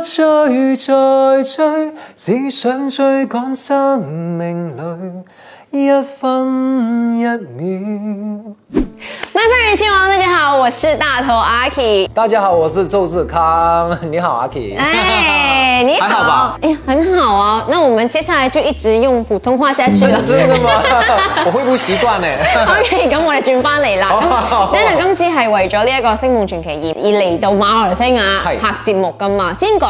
追再追，追，只想追趕生命裏一分一秒。MY FUN 人氣王，大家好，我是大頭阿 K。大家好，我是周志康。你好，阿 K。哎，你還好，哎，好哎，很好啊。那我們接下來就一直用普通話下去了。 真的嗎？ 我會不習慣呢。OK，咁我哋轉返嚟啦。咁 d、oh, 今次係為咗呢一個《星夢傳奇二》而嚟到馬來西亞是拍節目噶嘛？先講。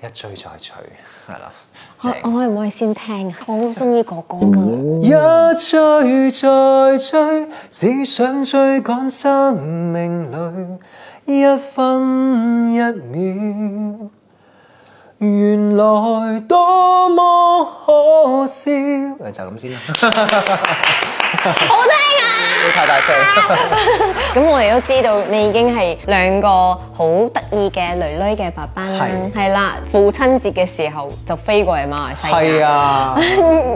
一追再追，係啦我正。我我可唔可以先聽啊？我好中意哥哥㗎。Oh, 一追再追，只想追趕生命裏一分一秒，原來多麼可笑。就咁先啦。你太大聲！咁我哋都知道你已經係兩個好得意嘅女女嘅爸爸啦，係啦、啊。父親節嘅時候就飛過嚟來來西細係啊，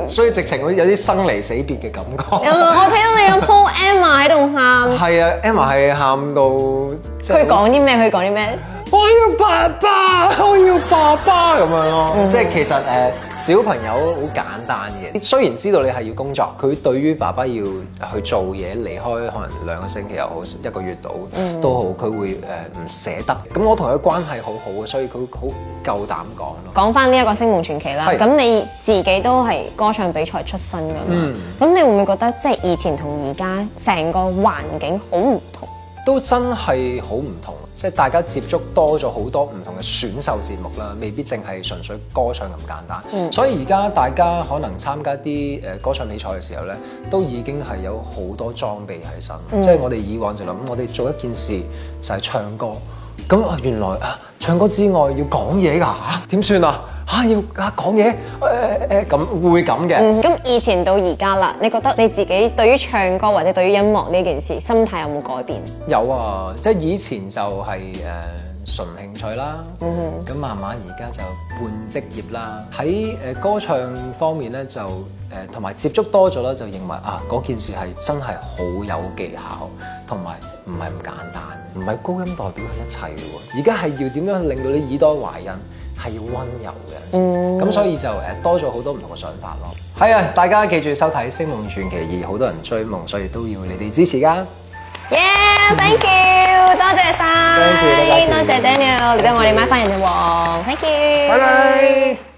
所以直情好有啲生離死別嘅感覺。我睇到你有 p Emma 喺度喊，係 啊，Emma 係喊到，佢講啲咩？佢講啲咩？我要爸爸，我要爸爸咁樣咯，嗯、即係其實誒、呃、小朋友好簡單嘅，雖然知道你係要工作，佢對於爸爸要去做嘢，離開可能兩個星期又好，一個月到、嗯、都好，佢會誒唔捨得。咁我同佢關係好好，所以佢好夠膽講咯。講翻呢一個星夢傳《星夢傳奇》啦，咁你自己都係歌唱比賽出身㗎嘛，咁、嗯、你會唔會覺得即係、就是、以前同而家成個環境好唔同？都真係好唔同，即係大家接觸多咗好多唔同嘅選秀節目啦，未必淨係純粹歌唱咁簡單。嗯、所以而家大家可能參加啲誒歌唱比賽嘅時候呢，都已經係有好多裝備喺身。嗯、即係我哋以往就諗，我哋做一件事就係唱歌，咁原來啊唱歌之外要講嘢㗎，點算啊？啊！要啊講嘢，誒誒咁會咁嘅。咁、嗯、以前到而家啦，你覺得你自己對於唱歌或者對於音樂呢件事，心態有冇改變？有啊，即係以前就係、是、誒、呃、純興趣啦。咁、嗯、哼慢慢而家就半職業啦。喺誒、呃、歌唱方面咧，就誒同埋接觸多咗啦，就認為啊嗰件事係真係好有技巧，同埋唔係咁簡單，唔係高音代表係一切嘅喎。而家係要點樣令到你耳朵懷孕？係要溫柔嘅，咁、mm. 所以就誒多咗好多唔同嘅想法咯。係啊， 大家記住收睇《星夢傳奇二》，好多人追夢，所以都要你哋支持㗎。Yeah，thank you，mm. 多謝曬，多謝 Daniel，你幫我哋買翻人哋鑊，thank you，拜拜。